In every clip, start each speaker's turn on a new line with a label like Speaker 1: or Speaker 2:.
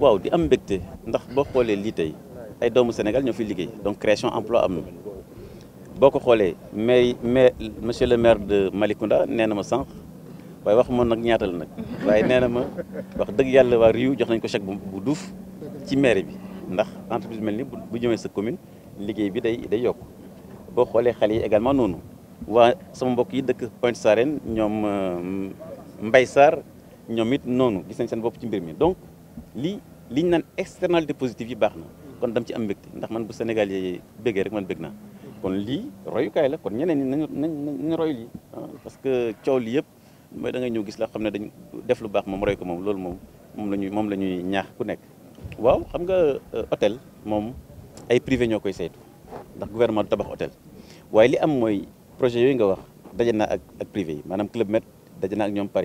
Speaker 1: waaw di am mbégte ndax boo xoolee lii ay doomu Senegal ñoo fi donc création emploi am na mais mais monsieur le maire de Malikunda, nena na ma sànq waaye wax moon nag ñaatal nag waaye nee na ma wax dëgg yàlla waa Riu jox nañ ko chèque bu duuf ci maire bi ndax entreprise mel ni bu jëmee sa commune liggéey bi day day yok. boo xoolee xale yi également noonu waa sama mbokk yi dëkk Pointe Sarène ñoom euh, Mbaye Sarr ñoom it noonu gis nañ seen bopp ci mbir mi donc li li ñu naan externalité positive yi baax na kon dam ci am mbégte ndax man bu Sénégal yi béggee rek man bégg naa kon lii royukaay la kon ñeneen ñi nañ nañu roy lii ah, parce que coow li yëpp mooy dangay ñëw gis la xam ne dañ def lu baax moom roy ko moom loolu moom moom la ñuy moom la ñuy ñaax ku nekk waaw xam nga euh, hôtel moom ay privé ñoo koy saytu ndax gouvernement du tabax hôtel waaye li am mooy projet yooyu nga wax daje naa ak ak privé yi maanaam Club Med daje naa ak ñoom par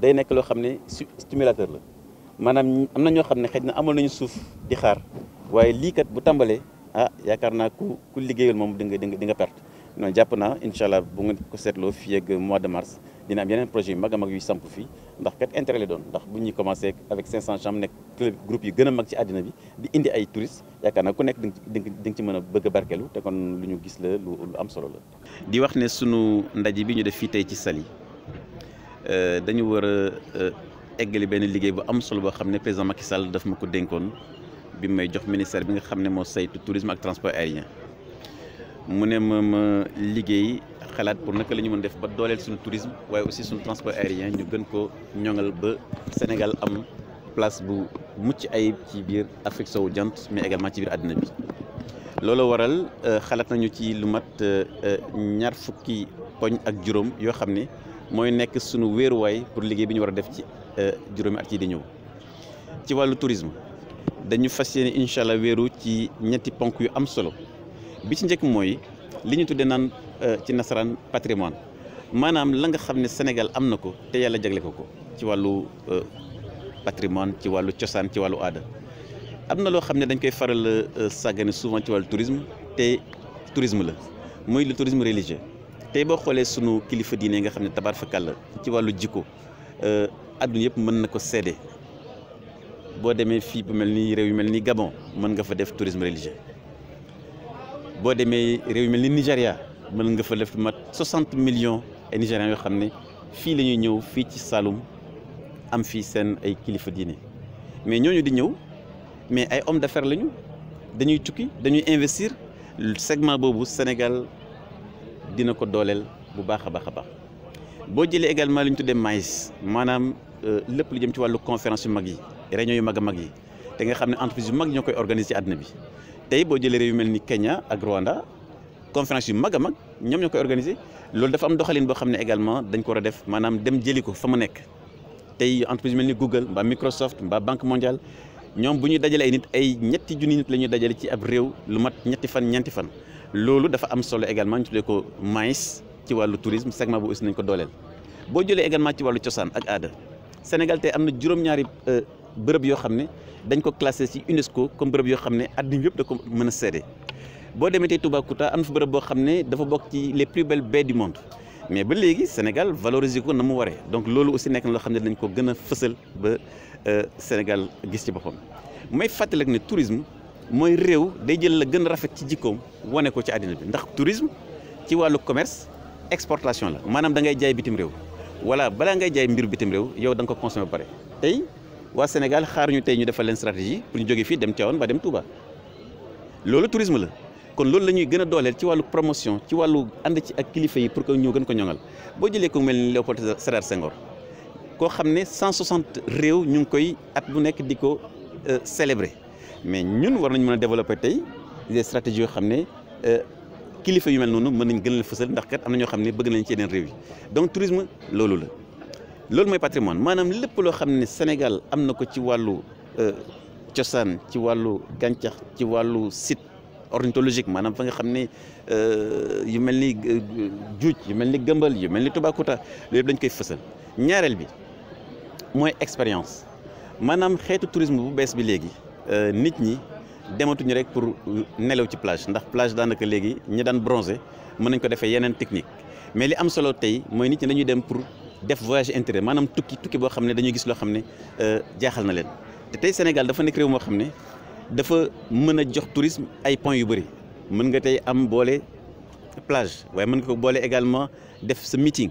Speaker 1: day nekk loo xam ne stimulateur la maanaam am na ñoo xam ne xëy na amal nañu suuf di xaar waaye lii bu tàmbalee ah yaakaar naa ku ku liggéeyul moom di nga di nga di nga perte. non jàpp naa incha allah bu ngeen ko seetloo fi ak mois de mars dina am yeneen projet yu mag a mag yuy samp fii ndax kat intérêt la doon ndax bu ñuy commencé avec 500 chambres nekk club groupe yi gën a mag ci àddina bi di indi ay touristes yaakaar naa ku nekk di nga di nga ci mën a bëgg a barkeelu te ñu gis la lu am solo la. di wax sunu ndaje bi ñu def fii tey ci Saly Euh, dañu war a euh, eggali benn liggéey bu am solo boo xam ne président Macky Sall daf ma ko dénkoon bi may jox ministère bi nga xam ne moo saytu tourisme ak transport aérien mu ne ma ma liggéey xalaat pour naka la ñu mën def ba dooleel suñu tourisme waaye aussi suñu transport aérien ñu gën ko ñoŋal ba Sénégal am place bu mucc ayib ci biir Afrique sowu jant mais également ci biir àddina bi. loolu waral euh, xalaat nañu ci lu mat ñaar fukki poñ ak juróom yoo xam ne. mooy nekk sunu wéeruwaay pour liggéey bi ñu war a def ci euh, juróomi at yi di ñëw ci wàllu tourisme dañu fas yéene incha allah wéeru ci ñetti ponk yu am solo bi ci njëkk mooy li ñu tuddee naan euh, ci nasaraan patrimoine maanaam la nga xam ne Sénégal am na ko te yàlla jagle ko ko ci wàllu euh, patrimoine ci wàllu cosaan ci wàllu aada am na loo xam ne dañ koy faral sàggane souvent ci wàllu tourisme te tourisme la muy le tourisme religieux tey bo xolé sunu kilifa diine nga xamné ne tabaar fakàll ci wàllu jikko euh, adduna yëpp mën nako cédé bo démé fi bu melni ni réew yu mel Gabon mën nga fa def tourisme religieux bo démé réew yu melni nigeria mën nga fa def mat 60 millions ay Nigériens yo xamné fi lañuy ñëw fi ci Saloum am fi sen ay kilifa diine mais ñoñu di ñëw mais ay hommes d'affaires lañu dañuy tukki dañuy investir segment bobu Sénégal dina ko dooleel bu baax a baax bo baax également li tuddé tuddee manam lepp euh, lépp lu jëm ci walu conférence yu mag yi réunion yu mag mag yi té nga xamné entreprise yu mag ñoo koy organiser ci àddina bi tay bo jëlee réew yu melni Kenya ak Rwanda conférence yu mag mag ñom ñoo koy organiser loolu dafa am doxaline bo xamné également dañ ko wara def manam dem jëliko ko fa mu nekk tey entreprise melni Google mbaa Microsoft mbaa Banque mondiale ñom bu ñu dajalé ay nit ay ñetti junni nit la ñuy dajale ci ab réew lu mat ñetti fan ñeenti fan lolu dafa am solo également ñu ko maïs ci walu tourisme segment bu aussi nañ ko dooleel boo jëlee également ci walu cosaan ak ada Sénégal tey amna na ñaari euh, bërëb yoo xam ne dañ ko classer ci UNESCO comme bërëb yo xam ne àddina yëpp da ko mën a bo boo demee tey Toubacouta am na fa bërëb boo dafa bok ci les plus belles baies du monde mais ba légui Sénégal valoriser ko namu waré donc lolu aussi nek na loo xam dañ ko gën a fësal ba euh, Sénégal gis ci boppam may fàttali ne tourisme moy réew day jël la gën rafet ci jikkoom wane ko ci àddina bi ndax tourisme ci wàllu commerce exportation la maanaam da ngay jaay bitim réew voilà balaa ngay jaay mbir bitim réew yow da nga ko consommé ba pare tey waa Sénégal xaaruñu tey ñu defal leen stratégie pour ñu jógee fii dem Tivaouane ba dem Touba loolu tourisme la kon loolu la ñuy gën a dooleel ci wàllu promotion ci wàllu ànd ci ak kilifa yi pour que ñu gën ko ñoŋal boo jëlee ko mel ni Léopold Sérère Senghor koo xam ne 160 réew ñu ngi koy at bu nekk di ko euh, célébrer mais ñun war nañ mën développer tey des stratégies yoo xam ne euh, kilifa yu mel noonu mën nañ gën leen ndax kat am na ñoo bëgg nañ ci yeneen réew yi donc tourisme loolu la. loolu mooy patrimoine manam lepp lo xamné Sénégal amna ko ci wàllu euh, cosaan ci walu gàncax ci walu site ornithologique manam fa nga xamné euh yu melni ni euh, juuj yu melni ni yu melni ni Toubacouta loolu dañ koy fësal ñaarel bi moy expérience manam xéetu tourisme bu bees bi légui euh, nit ñi dematuñu rek pour nelaw ci plage ndax plage daanaka légui ñi daan bronzé mën nañ ko défé yenen technique mais li am solo tay moy nit ñi dañuy dem pour def voyage intérêt manam tukki tukki bo xamné dañuy gis lo xamné euh jéxal na leen te tey Sénégal dafa nek réew mo xamné dafa mëna jox tourisme ay points yu bëri mën nga tay am bolé plage waaye mën nga ko bolé également def ce meeting.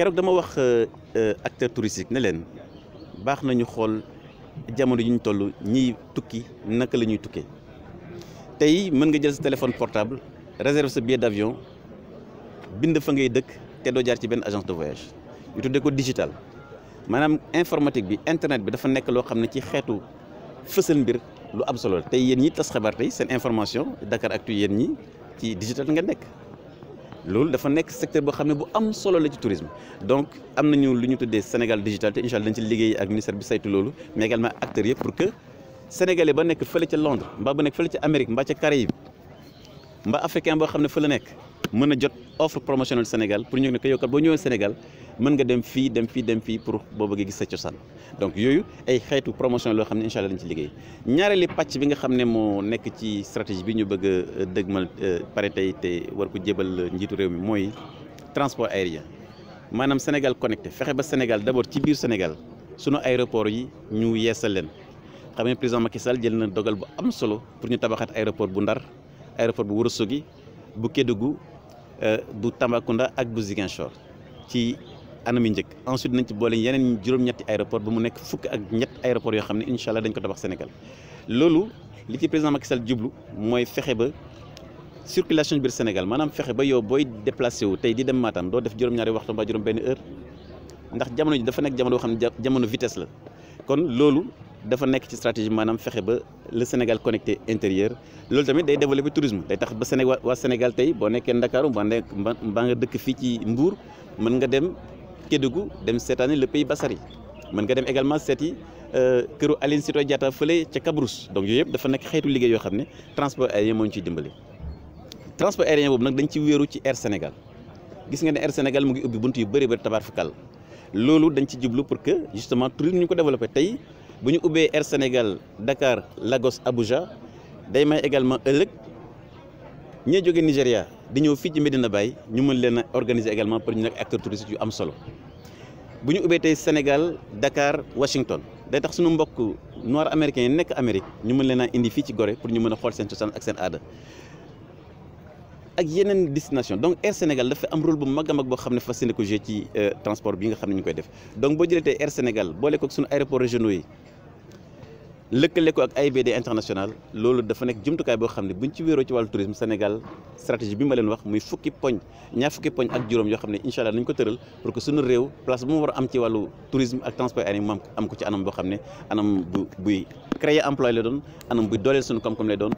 Speaker 1: keroog dama wax acteur touristique ne leen baax nañu xool jamono yi ñu toll ñiy tukki naka la ñuy tukkee tey mën nga jël sa téléphone portable réserve sa billet d'avion bind fa ngay dëkk te doo jaar ci benn agence de voyage ñu tuddee ko digital maanaam informatique bi internet bi dafa nekk loo xam ne ci xeetu fësal mbir lu am solo la tey yéen ñi tas xabaar tey seen information Dakaractu yéen ñi ci digital nga nekk loolu dafa nekk secteur boo xam ne bu am solo la ci tourisme donc am nañu lu ñu tuddee Sénégal digital te incha dañ ci liggéey ak ministère bi saytu loolu mais également acteurs yëpp pour que sénégalais ba nekk fële ca Londres mbaa ba nekk fële ca Amérique mbaa ca Caraïbes mbaa africain boo xam ne fële nekk. mën na jot offre promotionnelle Sénégal pour ñu nekk ko yow kat boo ñëwee Sénégal mën nga dem fii dem fii dem fii pour boo bëggee gis sa cosaan donc yooyu ay xeetu promotion loo xam ne incha allah dañ ci liggéey ñaareeli pàcc bi nga xam ne moo nekk ci stratégie bi ñu bëgg a euh, dëgmal euh, pare tey te war ko jébal njiitu réew mi mooy transport aérien maanaam Sénégal connecté fexe ba Sénégal d'abord ci biir Sénégal sunu aéroport yi ñu yeesa leen xam ne président Macky Sall jël na dogal bu am solo pour ñu tabaxaat aéroport bu Ndar aéroport bu Ourossogui bu Kédougou Euh, bu Tambacounda ak bu Ziguinchor ci anami njëkk ensuite nañ ci boole yeneen juróom-ñetti aéroport ba mu nekk fukk ak ñett aéroport yoo xam ne incha allah dañ ko tabax Sénégal loolu li ci président Macky Sall jublu mooy fexe ba circulation biir Sénégal maanaam fexe ba yow booy déplacé wu tey di dem Matam doo def juróom-ñaari waxtu mbaa juróom-benn heure ndax jamono ji dafa nekk jamono yoo xam ne jamono vitesse la kon loolu dafa nek ci stratégie manam fexé ba le Sénégal connecté intérieur loolu tamit day développer tourisme day tax ba Sénégal wa Sénégal tey boo nekkee Ndakaaru ba nekk mbaa nga dëkk fi ci Mbour mën nga dem Kédougou dem seetaani le pays Bassari mën nga dem également séti euh këru Aline Sitoé Diatta feulé ci Kabrous donc yooyu yëpp dafa nek xeetu liggéey yo xamné transport aérien mo ñu ciy dimbali. transport aérien bobu nak dañ ci wéeru ci Air Sénégal gis nga né Air Sénégal mu ngi ubbi buntu yu bari bari tabaar fukkal loolu dañ ci djiblu pour que justement tourisme ñu ko développé tey. bu ñu ubbee Air Sénégal Dakar Lagos Abuja day may également ëllëg ñee jóge Nigéria di ñëw fii ci Medina Baye ñu mën leen a organiser également pour ñu nekk acteurs touristiques yu am solo bu ñu ubbee tey Sénégal Dakar Washington day tax suñu mbokk noir américain yi nekk Amérique ñu mën leen a indi fii ci Gorée pour ñu mën a xool seen cosaan ak seen aada ak yeneen destination donc Air Sénégal dafa am rôle bu mag a mag boo xam ne ko jouer ci euh, transport bi nga xam ne def donc boo jëlee Air Sénégal boole ko ak suñu aéroport régional, yi lëkkale ko ak AIBD international loolu dafa nekk jumtukaay boo xam ne buñ ci wéeroo ci wàllu tourisme Sénégal stratégie bi ma leen wax muy fukki poñ ñaar fukki poñ ak juróom yoo xam ne incha ko tëral pour que suñu réew place bu mu war am ci wàllu tourisme ak transport aérien mu am ko ci anam boo xam anam bu buy créer emploi lay doon anam buy dooleel suñu kam kam lay doon.